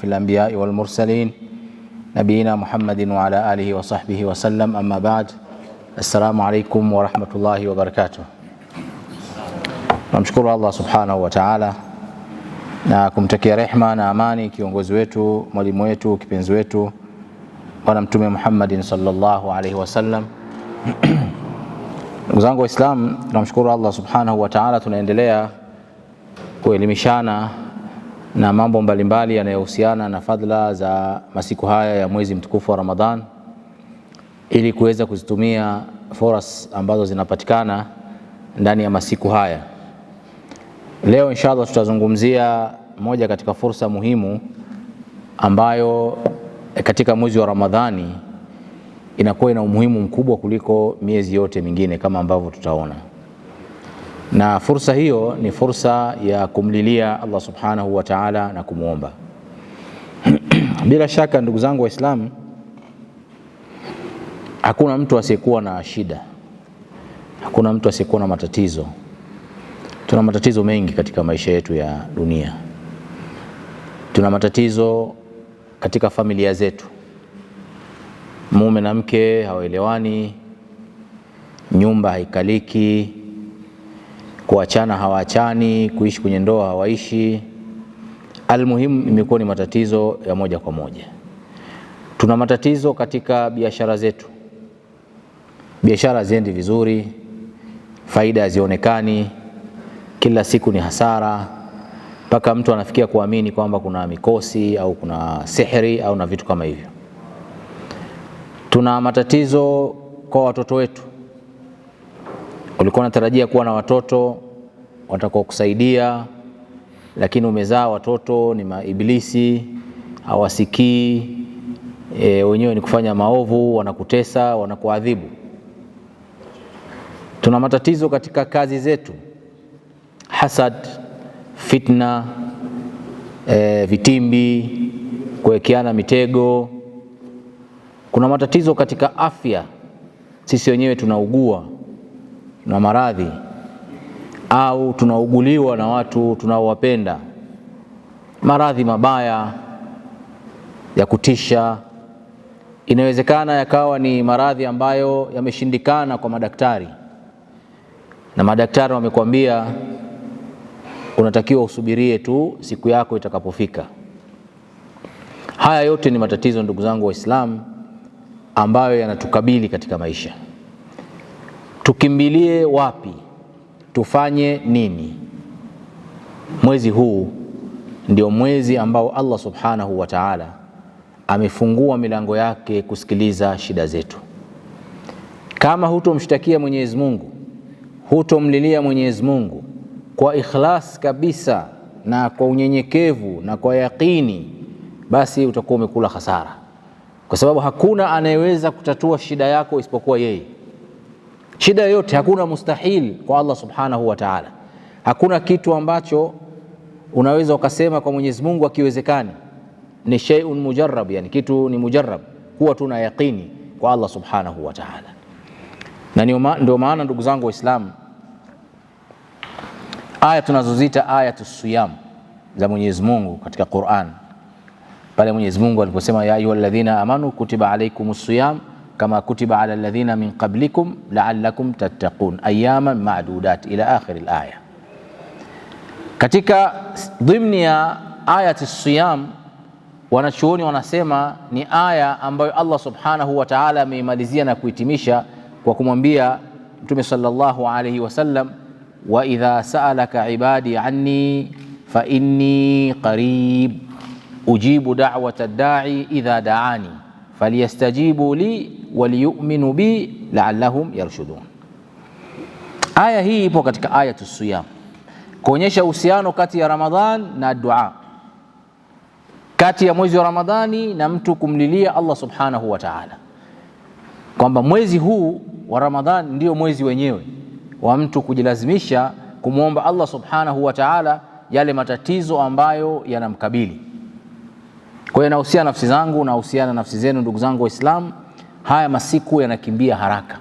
fil anbiya'i wal mursalin nabiyina Muhammadin wa ala alihi wa sahbihi wa Amma ba'd, assalamu alaykum wa rahmatullahi Namshukuru Allah subhanahu wa ta'ala na kumtakia rehma na amani kiongozi wetu, mwalimu wetu, kipenzi wetu Bwana Mtume Muhammadin sallallahu alayhi wasallam. Ndugu zangu Waislamu, tunamshukuru Allah subhanahu wa ta'ala, tunaendelea kuelimishana na mambo mbalimbali yanayohusiana na fadhila za masiku haya ya mwezi mtukufu wa Ramadhan ili kuweza kuzitumia foras ambazo zinapatikana ndani ya masiku haya. Leo inshallah tutazungumzia moja katika fursa muhimu ambayo katika mwezi wa Ramadhani inakuwa ina umuhimu mkubwa kuliko miezi yote mingine kama ambavyo tutaona na fursa hiyo ni fursa ya kumlilia Allah subhanahu wa ta'ala na kumwomba. Bila shaka ndugu zangu Waislamu, hakuna mtu asiyekuwa na shida, hakuna mtu asiyekuwa na matatizo. Tuna matatizo mengi katika maisha yetu ya dunia, tuna matatizo katika familia zetu, mume na mke hawaelewani, nyumba haikaliki kuachana hawaachani, kuishi kwenye ndoa hawaishi. Almuhimu, imekuwa ni matatizo ya moja kwa moja. Tuna matatizo katika biashara zetu, biashara haziendi vizuri, faida hazionekani, kila siku ni hasara, mpaka mtu anafikia kuamini kwamba kuna mikosi au kuna sihiri au na vitu kama hivyo. Tuna matatizo kwa watoto wetu Ulikuwa unatarajia kuwa na watoto watakao kusaidia, lakini umezaa watoto ni maibilisi, hawasikii e, wenyewe ni kufanya maovu, wanakutesa, wanakuadhibu. Tuna matatizo katika kazi zetu, hasad, fitna, e, vitimbi, kuwekeana mitego. Kuna matatizo katika afya, sisi wenyewe tunaugua na maradhi au tunauguliwa na watu tunaowapenda, maradhi mabaya ya kutisha. Inawezekana yakawa ni maradhi ambayo yameshindikana kwa madaktari, na madaktari wamekwambia unatakiwa usubirie tu siku yako itakapofika. Haya yote ni matatizo, ndugu zangu Waislamu, ambayo yanatukabili katika maisha tukimbilie wapi, tufanye nini? Mwezi huu ndio mwezi ambao Allah subhanahu wa ta'ala amefungua milango yake kusikiliza shida zetu. Kama hutomshtakia Mwenyezi Mungu, hutomlilia Mwenyezi Mungu kwa ikhlas kabisa na kwa unyenyekevu na kwa yaqini, basi utakuwa umekula hasara, kwa sababu hakuna anayeweza kutatua shida yako isipokuwa yeye. Shida yoyote hakuna mustahil kwa Allah subhanahu wa taala. Hakuna kitu ambacho unaweza ukasema kwa Mwenyezi Mungu akiwezekani, ni shay'un mujarrab, yani kitu ni mujarrab, huwa tuna yaqini kwa Allah subhanahu wa taala. Na ndio maana ndugu zangu Waislamu, aya tunazoziita ayatu siyam za Mwenyezi Mungu katika Qur'an, pale Mwenyezi Mungu aliposema ya alladhina amanu kutiba alaykumus siyam كما كتب على الذين من قبلكم لعلكم تتقون اياما معدودات الى اخر الايه katika dhimni ya ayati siyam wanachuoni wanasema ni aya ambayo allah subhanahu wa taala ameimalizia na kuhitimisha kwa kumwambia mtume salllahu alaihi wasallam waidha saalaka ibadi anni fainni qarib ujibu dawata ddai idha daani falyastajibu li waliyuminu bi laallahum yarshudun. Aya hii ipo katika ayatu siyam, kuonyesha uhusiano kati ya Ramadhan na dua, kati ya mwezi wa Ramadhani na mtu kumlilia Allah subhanahu wa ta'ala, kwamba mwezi huu wa Ramadhan ndio mwezi wenyewe wa mtu kujilazimisha kumwomba Allah subhanahu wa ta'ala yale matatizo ambayo yanamkabili. Kwa hiyo nafsi zangu, nahusiana nafsi zenu, ndugu zangu Waislamu. Haya masiku yanakimbia haraka,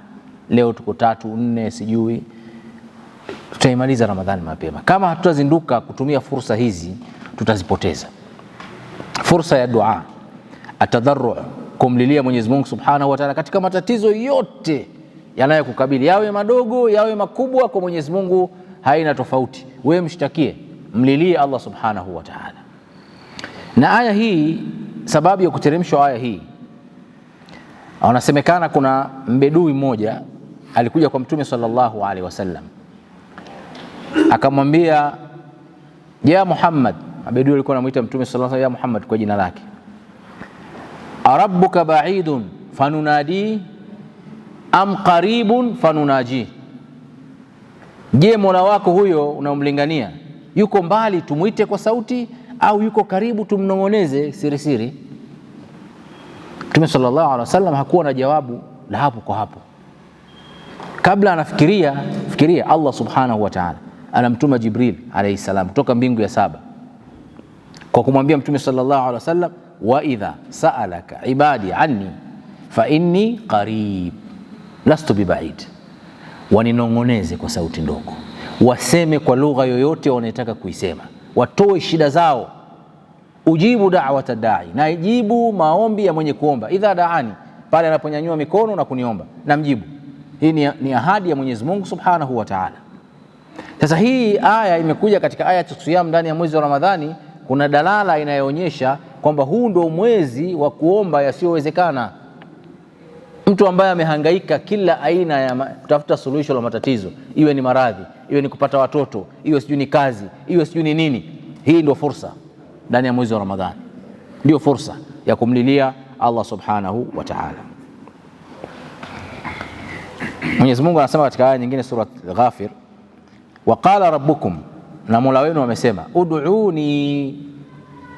leo tuko tatu nne, sijui tutaimaliza Ramadhani mapema. Kama hatutazinduka kutumia fursa hizi, tutazipoteza fursa ya dua, atadharu, kumlilia Mwenyezi Mungu Subhanahu wa Ta'ala katika matatizo yote yanayokukabili yawe madogo yawe makubwa, kwa Mwenyezi Mungu haina tofauti. Wewe mshtakie, mlilie Allah Subhanahu wa Ta'ala. Na aya hii, sababu ya kuteremshwa aya hii anasemekana kuna mbedui mmoja alikuja kwa Mtume sallallahu alaihi wasallam akamwambia, ya Muhammad. Mabedui alikuwa anamuita Mtume sallallahu alaihi wasallam ya Muhammad kwa jina lake. Arabuka baidun fanunadi am qaribun fanunaji, je, mola wako huyo unamlingania yuko mbali tumwite kwa sauti au yuko karibu tumnong'oneze sirisiri? Mtume sallallahu alaihi wasallam hakuwa na jawabu la hapo kwa hapo. Kabla anafikiria fikiria, Allah subhanahu wa ta'ala anamtuma Jibril alaihi salam kutoka mbingu ya saba kwa kumwambia Mtume sallallahu alaihi wasallam, wa idha saalaka ibadi anni fa inni qarib lastu bibaid, waninong'oneze kwa sauti ndogo, waseme kwa lugha yoyote wanayotaka kuisema, watoe shida zao ujibu da'wata da'i, najibu maombi ya mwenye kuomba, idha daani, pale anaponyanyua mikono na kuniomba namjibu. Hii ni, ni ahadi ya Mwenyezi Mungu Subhanahu wa Ta'ala. Sasa hii aya imekuja katika aya ya siyam ndani ya mwezi wa Ramadhani. Kuna dalala inayoonyesha kwamba huu ndio mwezi wa kuomba yasiyowezekana. Mtu ambaye amehangaika kila aina ya kutafuta suluhisho la matatizo, iwe ni maradhi, iwe ni kupata watoto, iwe sijui ni kazi, iwe sijui ni nini, hii ndio fursa ndani ya mwezi wa Ramadhani, ndio fursa ya kumlilia Allah subhanahu wa ta'ala. Mwenyezi Mungu anasema katika aya nyingine, sura Ghafir, wa qala rabbukum, na mola wenu amesema, ud'uni,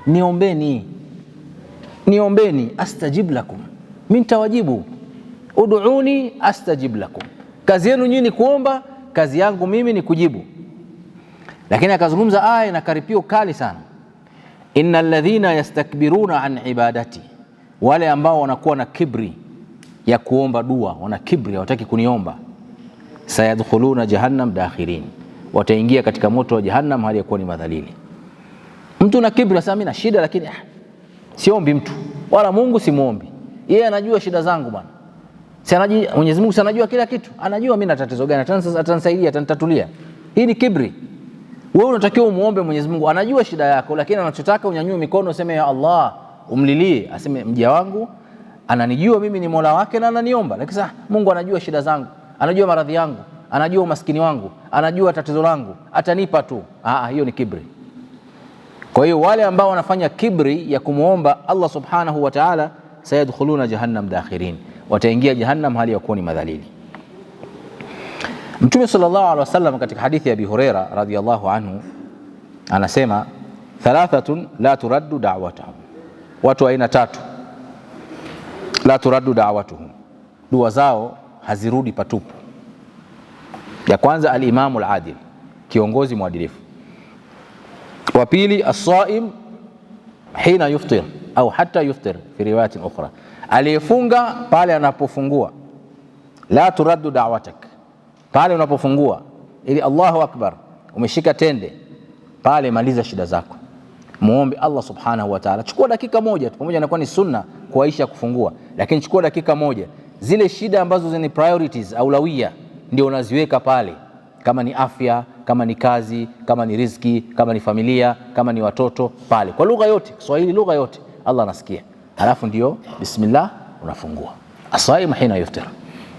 niombeni, niombeni, astajib lakum, mimi nitawajibu. Ud'uni astajib lakum, kazi yenu nyinyi ni kuomba, kazi yangu mimi ni kujibu. Lakini akazungumza aya na karipio kali sana inna alladhina yastakbiruna an ibadati, wale ambao wanakuwa na kibri ya kuomba dua, wana kibri, hawataki kuniomba. Sayadkhuluna jahannam dakhirin, wataingia katika moto wa jahannam hali ya kuwa ni madhalili. Mtu na kibri sasa, mimi na shida, lakini ah, siombi mtu wala Mungu simuombi, yeye anajua shida zangu bwana. Si anajua Mwenyezi Mungu, si anajua kila kitu, anajua mimi na tatizo gani, atanisaidia, atanitatulia. Hii ni kibri. Wewe unatakiwa umuombe Mwenyezi Mungu, anajua shida yako, lakini anachotaka unyanyue mikono, useme ya Allah, umlilie, aseme mja wangu ananijua mimi ni mola wake na ananiomba. Lakini sasa Mungu anajua shida zangu, anajua maradhi yangu, anajua umaskini wangu, anajua tatizo langu, atanipa tu. Ah, ah hiyo ni kibri. Kwa hiyo wale ambao wanafanya kibri ya kumwomba Allah subhanahu wa ta'ala, sayadkhuluna jahannam dakhirin, wataingia jahannam hali ya kuwa ni madhalili. Mtume sallallahu alaihi wasallam katika hadithi ya Abi Huraira radhiyallahu anhu anasema thalathatun la turaddu da'watuhum, watu aina tatu la turaddu da'watuhum, dua zao hazirudi patupu. Ya kwanza alimamu aladil, kiongozi mwadilifu. Wa pili asaim hina yuftir au hata yuftir fi riwayatin ukhra, aliyefunga pale anapofungua. La turaddu da'watak pale unapofungua ili Allahu akbar, umeshika tende pale, maliza shida zako, muombe Allah subhanahu wa ta'ala. Chukua dakika moja tu, pamoja na kuwa ni sunna kuaisha kufungua, lakini chukua dakika moja, zile shida ambazo ni priorities aulawia, ndio unaziweka pale, kama ni afya, kama ni kazi, kama ni riziki, kama ni familia, kama ni watoto, pale kwa lugha yote Kiswahili, lugha yote Allah anasikia. alafu ndio bismillah, unafungua aswai mahina yuftir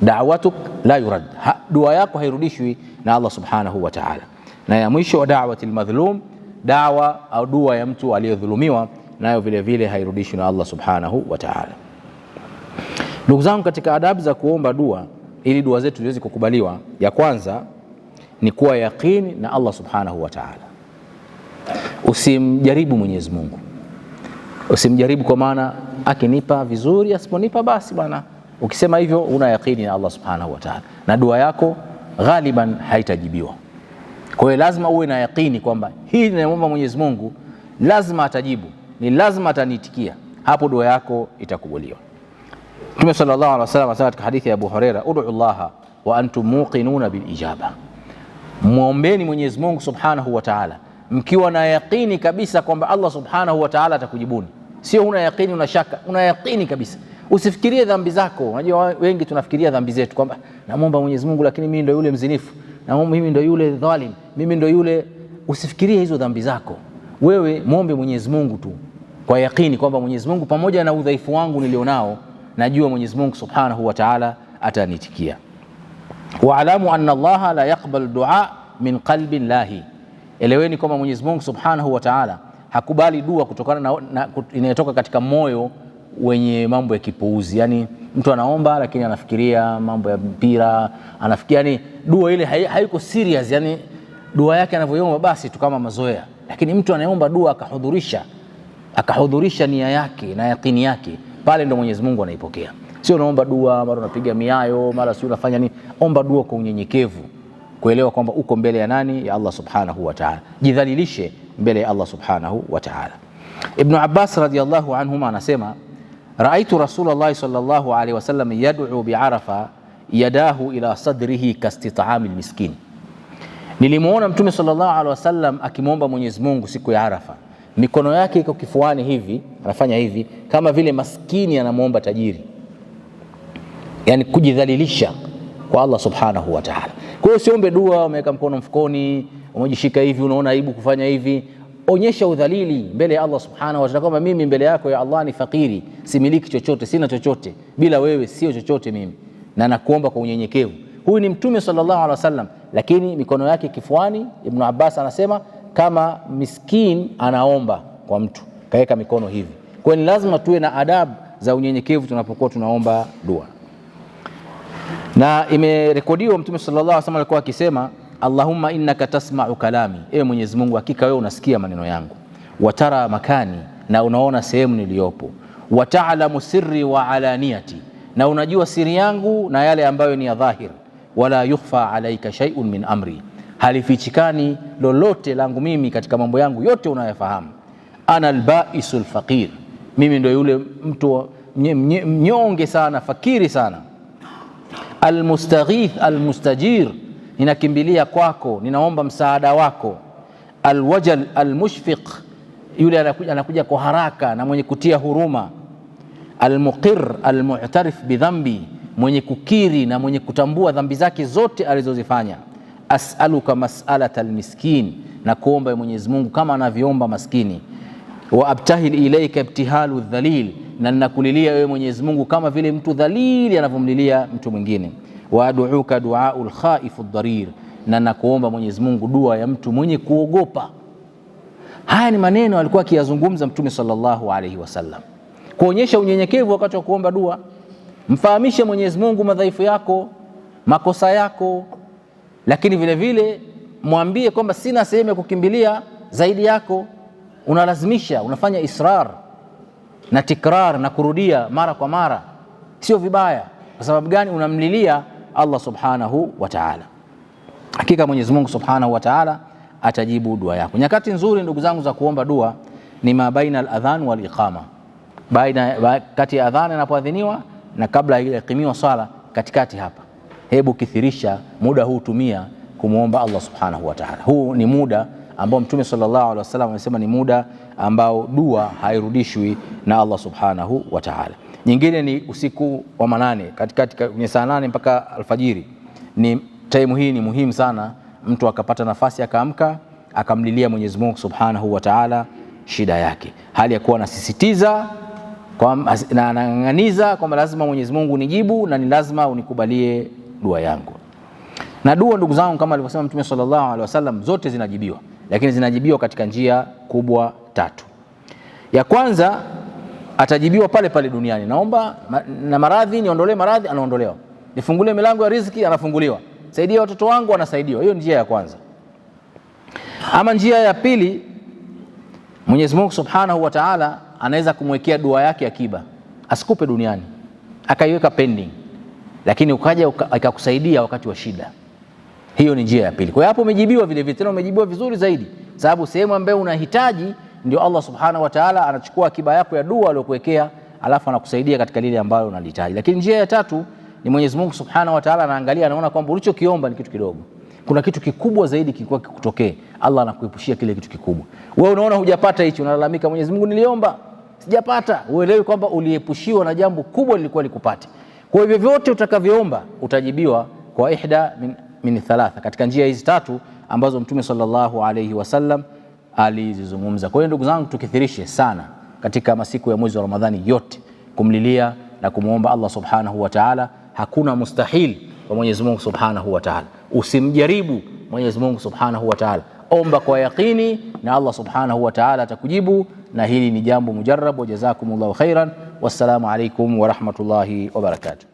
da'watuk la yurad, dua yako hairudishwi na Allah subhanahu wa ta'ala. Na ya mwisho wa da'wati almadhlum, dawa au dua ya mtu aliyedhulumiwa nayo vile vile hairudishwi na Allah subhanahu wa ta'ala. Ndugu zangu, katika adabu za kuomba dua ili dua zetu ziweze kukubaliwa, ya kwanza ni kuwa yaqini na Allah subhanahu wa ta'ala. Usimjaribu Mwenyezi Mungu, usimjaribu kwa maana akinipa vizuri, asiponipa basi bwana Ukisema hivyo una yakini na Allah subhanahu wa ta'ala, na dua yako ghaliban haitajibiwa. Kwa hiyo lazima uwe na yakini kwamba hii ninayomwomba Mwenyezi Mungu lazima atajibu, ni lazima ataniitikia, hapo dua yako itakubuliwa. Mtume sallallahu alaihi wasallam asema katika hadithi ya Abu Huraira, ud'u llaha wa antum muqinuna bil ijaba, mwombeni Mwenyezi Mungu subhanahu wa ta'ala mkiwa na yakini kabisa kwamba Allah subhanahu wa ta'ala atakujibuni. Sio una yakini una shaka, una yakini kabisa Usifikirie dhambi zako. Unajua wengi tunafikiria dhambi zetu kwamba namwomba Mwenyezi Mungu, lakini mimi ndo yule mzinifu, na mimi ndo yule dhalim, mimi ndo yule. Usifikirie hizo dhambi zako, wewe muombe Mwenyezi Mungu tu kwa yakini kwamba Mwenyezi Mungu, pamoja na udhaifu wangu nilionao, najua Mwenyezi Mungu Subhanahu wa Ta'ala atanitikia. Waalamu anna Allaha la yaqbalu dua min qalbin lahi, eleweni kwamba Mwenyezi Mungu Subhanahu wa Ta'ala hakubali dua kutokana na, na inayotoka katika moyo wenye mambo ya kipuuzi, yani mtu anaomba lakini anafikiria mambo ya mpira, anafikiria yani dua ile haiko serious, yani dua yake anavyoiomba basi tu kama mazoea. Lakini mtu anayeomba dua akahudhurisha akahudhurisha nia yake na yakini yake, pale ndo Mwenyezi Mungu anaipokea. Sio unaomba dua mara unapiga miayo mara sio unafanya nini. Omba dua kwa unyenyekevu, kuelewa kwamba uko mbele ya nani? Ya Allah subhanahu wa ta'ala. Jidhalilishe mbele ya Allah subhanahu wa ta'ala. Ibn Abbas radhiyallahu anhuma anasema raaitu rasulallahi sallallahu alaihi wasallam yad'u biarafa yadahu ila sadrihi kastitami lmiskin, nilimwona Mtume sallallahu alaihi wasallam akimwomba Mwenyezi Mungu siku ya Arafa, mikono yake iko kifuani hivi, anafanya hivi kama vile maskini anamwomba tajiri, yani kujidhalilisha kwa Allah subhanahu wa ta'ala. Kwa hiyo usiombe dua umeweka mkono mfukoni, umejishika hivi, unaona aibu kufanya hivi onyesha udhalili mbele ya Allah subhanahu wa ta'ala, kwamba mimi mbele yako ya Allah ni fakiri, similiki chochote, sina chochote, bila wewe sio chochote mimi, na nakuomba kwa unyenyekevu. Huyu ni Mtume sallallahu alaihi wasallam, lakini mikono yake kifuani. Ibn Abbas anasema kama miskin anaomba kwa mtu, kaweka mikono hivi. Kwa hiyo ni lazima tuwe na adabu za unyenyekevu tunapokuwa tunaomba dua, na imerekodiwa Mtume sallallahu alaihi wasallam alikuwa akisema Allahumma innaka tasma'u kalami, ewe Mwenyezi Mungu, hakika wewe unasikia maneno yangu, watara makani, na unaona sehemu niliyopo, wataalamu sirri wa alaniyati, na unajua siri yangu na yale ambayo ni ya dhahir, wala yukhfa alaika shay'un min amri, halifichikani lolote langu mimi katika mambo yangu yote unayofahamu. Ana albaisul faqir, mimi ndio yule mtu mnyonge sana, fakiri sana, almustaghith almustajir ninakimbilia kwako, ninaomba msaada wako. Alwajal almushfiq, yule anakuja, anakuja kwa haraka na mwenye kutia huruma. Almuqir almu'tarif bidhambi, mwenye kukiri na mwenye kutambua dhambi zake zote alizozifanya. As'aluka mas'alata almiskin, na kuomba Mwenyezi Mungu kama anavyoomba maskini. Wa abtahil ilaika ibtihalu dhalil, na ninakulilia wewe Mwenyezi Mungu kama vile mtu dhalili anavyomlilia mtu mwingine wa aduuka duaul khaifu dharir, na nakuomba Mwenyezi Mungu dua ya mtu mwenye kuogopa. Haya ni maneno alikuwa akiyazungumza Mtume sallallahu alaihi wasallam kuonyesha unyenyekevu wakati wa kuomba dua. Mfahamishe Mwenyezi Mungu madhaifu yako, makosa yako, lakini vile vile mwambie kwamba sina sehemu ya kukimbilia zaidi yako. Unalazimisha, unafanya israr na tikrar na kurudia mara kwa mara, sio vibaya. Kwa sababu gani? Unamlilia Allah subhanahu wa ta'ala. Hakika Mwenyezi Mungu subhanahu wa ta'ala atajibu dua yako. Nyakati nzuri ndugu zangu za kuomba dua ni mabaina al-adhan wal iqama, baina kati ya adhan inapoadhiniwa na kabla haijaqimiwa swala, katikati hapa, hebu kithirisha muda huu, tumia kumwomba Allah subhanahu wa ta'ala. Huu ni muda ambao Mtume sallallahu alaihi wasallam amesema ni muda ambao dua hairudishwi na Allah subhanahu wa ta'ala. Nyingine ni usiku wa manane katikati kwenye saa nane mpaka alfajiri. Ni time hii ni muhimu sana mtu akapata nafasi akaamka akamlilia Mwenyezi Mungu Subhanahu wa Ta'ala shida yake, hali ya kuwa anasisitiza na anang'aniza kwamba lazima Mwenyezi Mungu nijibu na ni lazima unikubalie dua yangu. Na dua, ndugu zangu, kama alivyosema Mtume sallallahu alaihi wasallam, zote zinajibiwa, lakini zinajibiwa katika njia kubwa tatu. Ya kwanza atajibiwa pale pale duniani. Naomba na maradhi, niondolee maradhi, anaondolewa. Nifungulie milango ya riziki, anafunguliwa. Saidia watoto wangu, anasaidiwa. Hiyo njia ya kwanza. Ama njia ya pili, Mwenyezi Mungu Subhanahu wa Ta'ala anaweza kumwekea dua yake akiba, asikupe duniani, akaiweka pending, lakini ukaja akakusaidia wakati wa shida. Hiyo ni njia ya pili. Kwa hiyo hapo umejibiwa vile vile, tena umejibiwa vizuri zaidi, sababu sehemu ambayo unahitaji ndio Allah subhanahu wa ta'ala anachukua akiba yako ya dua aliyokuwekea, alafu anakusaidia katika lile ambalo unalihitaji. Lakini njia ya tatu ni Mwenyezi Mungu subhanahu wa ta'ala anaangalia, anaona kwamba ulichokiomba ni kitu kidogo, kuna kitu kikubwa zaidi kilikuwa kikutokee. Allah anakuepushia kile kitu kikubwa. Wewe unaona hujapata hicho, unalalamika, Mwenyezi Mungu, niliomba sijapata. Uelewi kwamba uliepushiwa na jambo kubwa lilikuwa likupate. Kwa hivyo vyote utakavyoomba utajibiwa kwa ihda min, min thalatha, katika njia hizi tatu ambazo Mtume sallallahu alayhi wasallam alizizungumza. Kwa hiyo ndugu zangu, tukithirishe sana katika masiku ya mwezi wa Ramadhani yote kumlilia na kumwomba Allah subhanahu wa taala. Hakuna mustahili kwa Mwenyezi Mungu subhanahu wa taala. Usimjaribu Mwenyezi Mungu subhanahu wa taala, omba kwa yaqini na Allah subhanahu wa taala atakujibu, na hili ni jambo mujarrab. Wa jazakumullahu khairan, wassalamu alaikum warahmatullahi wabarakatu